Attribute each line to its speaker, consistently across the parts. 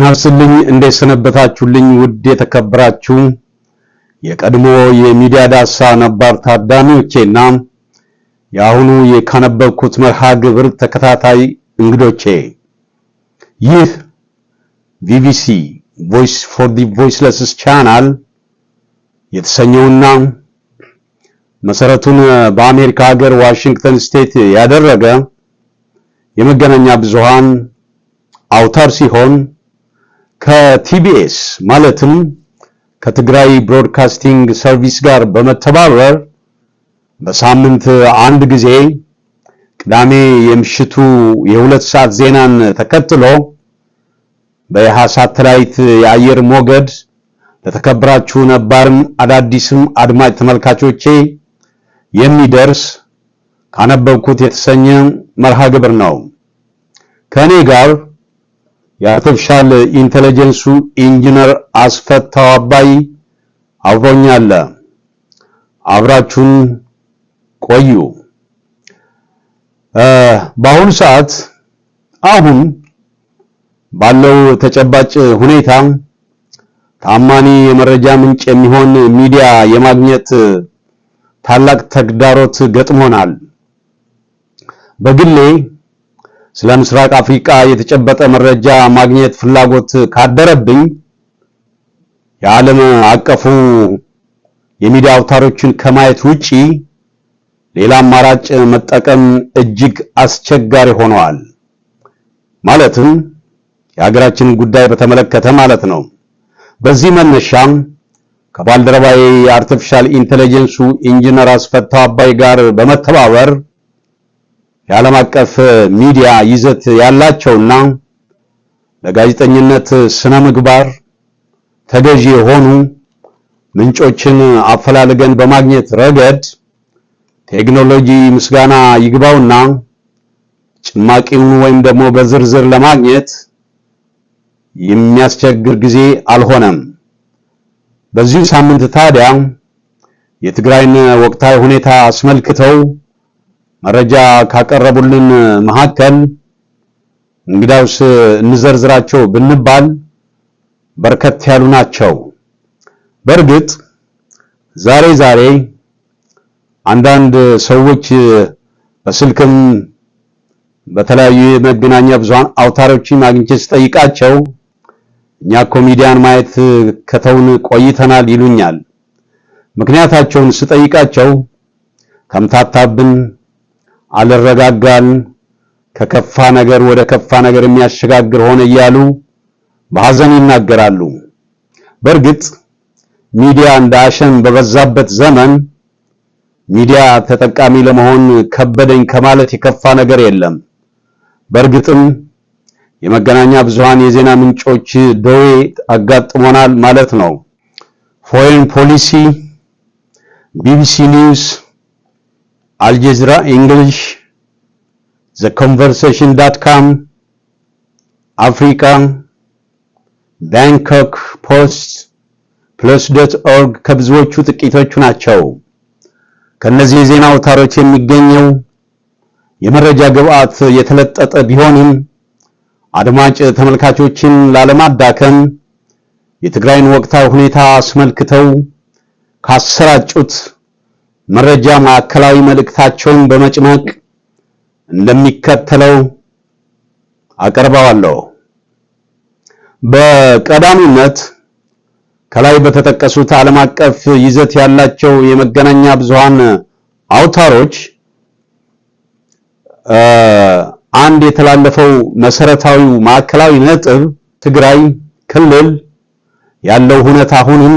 Speaker 1: ጤና ይስጥልኝ እንዴት ሰነበታችሁልኝ? ውድ የተከበራችሁ የቀድሞ የሚዲያ ዳሳ ነባር ታዳሚዎቼና የአሁኑ የካነበብኩት መርሃ ግብር ተከታታይ እንግዶቼ ይህ ቪቢሲ ቮይስ ፎር ዲ ቮይስለስስ ቻናል የተሰኘውና መሰረቱን በአሜሪካ ሀገር ዋሽንግተን ስቴት ያደረገ የመገናኛ ብዙሃን አውታር ሲሆን ከቲቢኤስ ማለትም ከትግራይ ብሮድካስቲንግ ሰርቪስ ጋር በመተባበር በሳምንት አንድ ጊዜ ቅዳሜ የምሽቱ የሁለት ሰዓት ዜናን ተከትሎ በይሃ ሳተላይት የአየር ሞገድ ለተከበራችሁ ነባርም አዳዲስም አድማጭ ተመልካቾቼ የሚደርስ ካነበብኩት የተሰኘ መርሃ ግብር ነው። ከእኔ ጋር የአርቲፊሻል ኢንተለጀንሱ ኢንጂነር አስፈታው አባይ አብሮኛለ። አብራችሁን ቆዩ። በአሁኑ ሰዓት አሁን ባለው ተጨባጭ ሁኔታ ታማኒ የመረጃ ምንጭ የሚሆን ሚዲያ የማግኘት ታላቅ ተግዳሮት ገጥሞናል። በግሌ ስለ ምስራቅ አፍሪካ የተጨበጠ መረጃ ማግኘት ፍላጎት ካደረብኝ የዓለም አቀፉ የሚዲያ አውታሮችን ከማየት ውጪ ሌላ አማራጭ መጠቀም እጅግ አስቸጋሪ ሆነዋል። ማለትም የሀገራችንን ጉዳይ በተመለከተ ማለት ነው። በዚህ መነሻ ከባልደረባዬ የአርቲፊሻል ኢንተለጀንሱ ኢንጂነር አስፈታው አባይ ጋር በመተባበር የዓለም አቀፍ ሚዲያ ይዘት ያላቸውና ለጋዜጠኝነት ስነ ምግባር ተገዢ የሆኑ ምንጮችን አፈላልገን በማግኘት ረገድ ቴክኖሎጂ ምስጋና ይግባውና ጭማቂውን ወይም ደግሞ በዝርዝር ለማግኘት የሚያስቸግር ጊዜ አልሆነም። በዚሁ ሳምንት ታዲያ የትግራይን ወቅታዊ ሁኔታ አስመልክተው መረጃ ካቀረቡልን መካከል እንግዳውስ እንዘርዝራቸው ብንባል በርከት ያሉ ናቸው። በእርግጥ ዛሬ ዛሬ አንዳንድ ሰዎች በስልክም በተለያዩ የመገናኛ ብዙሃን አውታሮች ማግኘት ስጠይቃቸው እኛ ኮሚዲያን ማየት ከተውን ቆይተናል ይሉኛል። ምክንያታቸውን ስጠይቃቸው ከምታታብን አልረጋጋን ከከፋ ነገር ወደ ከፋ ነገር የሚያሸጋግር ሆነ እያሉ በሐዘን ይናገራሉ። በእርግጥ ሚዲያ እንደ አሸን በበዛበት ዘመን ሚዲያ ተጠቃሚ ለመሆን ከበደኝ ከማለት የከፋ ነገር የለም። በእርግጥም የመገናኛ ብዙሃን የዜና ምንጮች ደዌ አጋጥሞናል ማለት ነው። ፎሬን ፖሊሲ፣ ቢቢሲ ኒውስ አልጀዚራ እንግሊሽ፣ ዘ ኮንቨርሴሽን ዳት ካም፣ አፍሪካ፣ ባንኮክ ፖስት፣ ፕለስ ዶት ኦርግ ከብዙዎቹ ጥቂቶቹ ናቸው። ከነዚህ የዜና አውታሮች የሚገኘው የመረጃ ግብዓት የተለጠጠ ቢሆንም አድማጭ ተመልካቾችን ላለማዳከም የትግራይን ወቅታዊ ሁኔታ አስመልክተው ካሰራጩት መረጃ ማዕከላዊ መልእክታቸውን በመጭመቅ እንደሚከተለው አቀርበዋለሁ። በቀዳሚነት ከላይ በተጠቀሱት ዓለም አቀፍ ይዘት ያላቸው የመገናኛ ብዙሃን አውታሮች አንድ የተላለፈው መሰረታዊው ማዕከላዊ ነጥብ ትግራይ ክልል ያለው ሁኔታ አሁንም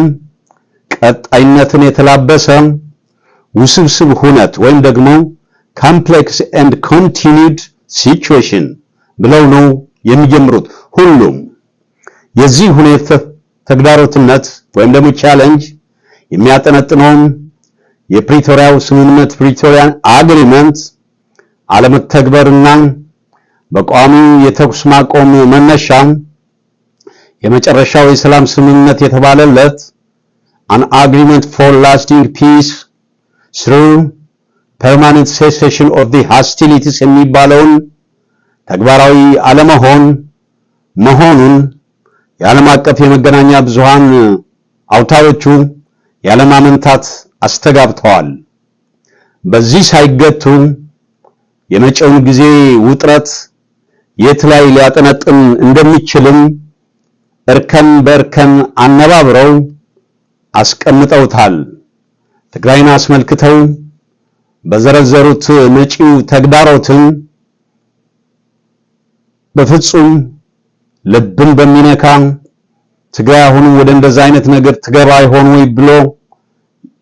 Speaker 1: ቀጣይነትን የተላበሰ ውስብስብ ሁነት ወይም ደግሞ ኮምፕሌክስ ኤንድ ኮንቲኒድ ሲቹዌሽን ብለው ነው የሚጀምሩት። ሁሉም የዚህ ሁኔታ ተግዳሮትነት ወይም ደግሞ ቻለንጅ የሚያጠነጥነውም የፕሪቶሪያው ስምምነት ፕሪቶሪያን አግሪመንት አለመተግበርና በቋሚ የተኩስ ማቆም መነሻ የመጨረሻው የሰላም ስምምነት የተባለለት አን አግሪመንት ፎር ላስቲንግ ፒስ ስሩ ፐርማነንት ሴሴሽን ኦፍ ዲ ሃስቲሊቲስ የሚባለውን ተግባራዊ አለመሆን መሆኑን የዓለም አቀፍ የመገናኛ ብዙሃን አውታሮቹ ያለማመንታት አስተጋብተዋል። በዚህ ሳይገቱ የመጪውን ጊዜ ውጥረት የት ላይ ሊያጠነጥን እንደሚችልም እርከን በእርከን አነባብረው አስቀምጠውታል። ትግራይን አስመልክተው በዘረዘሩት መጪው ተግዳሮትን በፍጹም ልብን በሚነካ ትግራይ አሁኑ ወደ እንደዛ አይነት ነገር ትገባ ይሆን ወይ ብሎ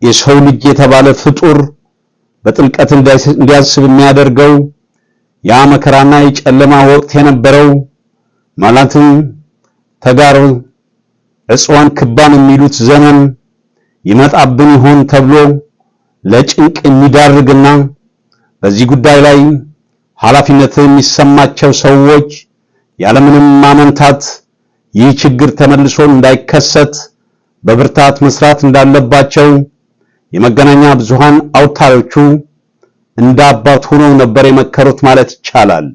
Speaker 1: የሰው ልጅ የተባለ ፍጡር በጥልቀት እንዲያስብ የሚያደርገው ያ መከራና የጨለማ ወቅት የነበረው ማለትም ተጋር እጽዋን ክባን የሚሉት ዘመን ይመጣብን ይሆን ተብሎ ለጭንቅ የሚዳርግና በዚህ ጉዳይ ላይ ኃላፊነት የሚሰማቸው ሰዎች ያለምንም ማመንታት ይህ ችግር ተመልሶ እንዳይከሰት በብርታት መስራት እንዳለባቸው የመገናኛ ብዙሃን አውታሮቹ እንደ አባት ሆነው ነበር የመከሩት ማለት ይቻላል።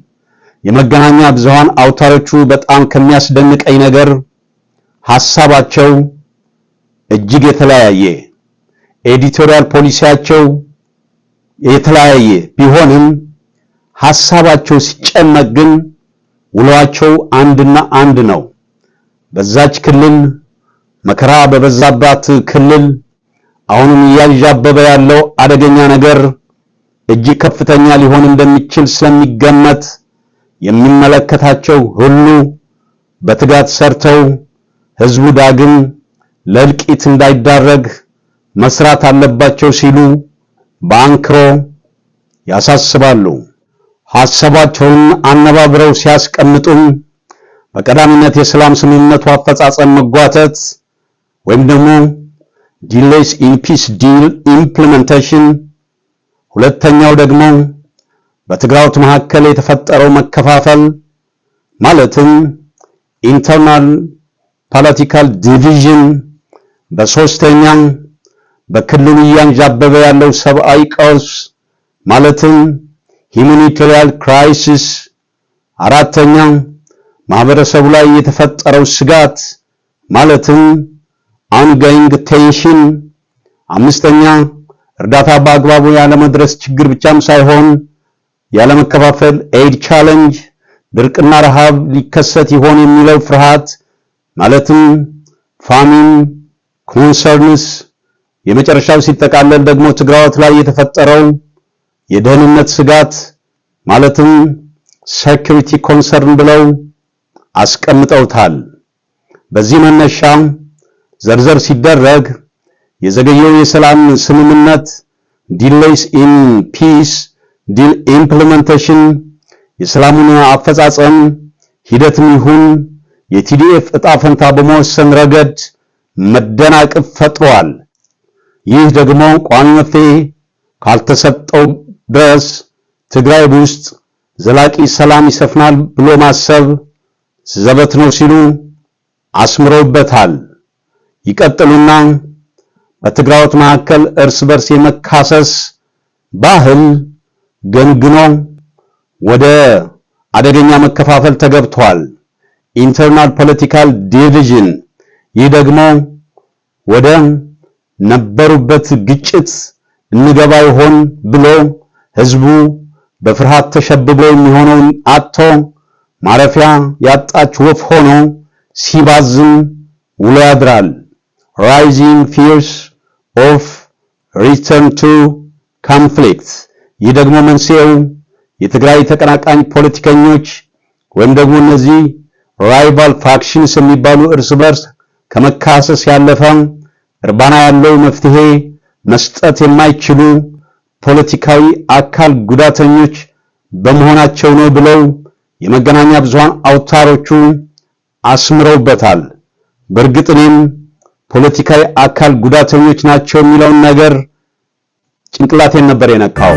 Speaker 1: የመገናኛ ብዙሃን አውታሮቹ በጣም ከሚያስደንቀኝ ነገር ሐሳባቸው እጅግ የተለያየ ኤዲቶሪያል ፖሊሲያቸው የተለያየ ቢሆንም ሐሳባቸው ሲጨመቅ ግን ውሏቸው አንድና አንድ ነው። በዛች ክልል መከራ በበዛባት ክልል አሁንም እያንዣበበ ያለው አደገኛ ነገር እጅግ ከፍተኛ ሊሆን እንደሚችል ስለሚገመት የሚመለከታቸው ሁሉ በትጋት ሰርተው ህዝቡ ዳግም ለእልቂት እንዳይዳረግ መስራት አለባቸው ሲሉ በአንክሮ ያሳስባሉ። ሐሳባቸውን አነባብረው ሲያስቀምጡም በቀዳሚነት የሰላም ስምምነቱ አፈጻጸም መጓተት ወይም ደግሞ ዲሌይስ ኢን ፒስ ዲል ኢምፕሊመንቴሽን ሁለተኛው ደግሞ በትግራዎት መካከል የተፈጠረው መከፋፈል ማለትም ኢንተርናል ፖለቲካል ዲቪዥን በሶስተኛ በክልሉ እያንዣበበ ያለው ሰብአዊ ቀውስ ማለትም ሂዩማኒቴሪያን ክራይሲስ፣ አራተኛ ማህበረሰቡ ላይ የተፈጠረው ስጋት ማለትም አንገይንግ ቴንሽን፣ አምስተኛ እርዳታ በአግባቡ ያለመድረስ ችግር ብቻም ሳይሆን ያለመከፋፈል ኤድ ቻሌንጅ፣ ድርቅና ረሃብ ሊከሰት ይሆን የሚለው ፍርሃት ማለትም ፋሚን ኮንሰርንስ የመጨረሻው ሲጠቃለል ደግሞ ትግራዎት ላይ የተፈጠረው የደህንነት ስጋት ማለትም ሴኩሪቲ ኮንሰርን ብለው አስቀምጠውታል። በዚህ መነሻ ዘርዘር ሲደረግ የዘገየው የሰላም ስምምነት ዲሌይስ ኢን ፒስ ዲል ኢምፕሊሜንቴሽን የሰላሙን አፈጻጸም ሂደትም ይሁን የቲዲኤፍ እጣ ፈንታ በመወሰን ረገድ መደናቅፍ ፈጥሯል። ይህ ደግሞ ቋሚ መፍትሄ ካልተሰጠው ድረስ ትግራይ ውስጥ ዘላቂ ሰላም ይሰፍናል ብሎ ማሰብ ዘበት ነው ሲሉ አስምረውበታል። ይቀጥሉና በትግራዮት መካከል እርስ በርስ የመካሰስ ባህል ገንግኖ ወደ አደገኛ መከፋፈል ተገብቷል። ኢንተርናል ፖለቲካል ዲቪዥን ይህ ደግሞ ወደ ነበሩበት ግጭት እንገባ ይሆን ብሎ ህዝቡ በፍርሃት ተሸብቦ የሚሆነውን አጥቶ ማረፊያ ያጣች ወፍ ሆኖ ሲባዝን ውሎ ያድራል። ራይዚንግ ፊርስ ኦፍ ሪተርን ቱ ኮንፍሊክት። ይህ ደግሞ መንስኤው የትግራይ ተቀናቃኝ ፖለቲከኞች ወይም ደግሞ እነዚህ ራይቫል ፋክሽንስ የሚባሉ እርስ በርስ ከመካሰስ ያለፈ እርባና ያለው መፍትሄ መስጠት የማይችሉ ፖለቲካዊ አካል ጉዳተኞች በመሆናቸው ነው ብለው የመገናኛ ብዙሃን አውታሮቹ አስምረውበታል። በእርግጥ እኔም ፖለቲካዊ አካል ጉዳተኞች ናቸው የሚለውን ነገር ጭንቅላቴን ነበር የነካው።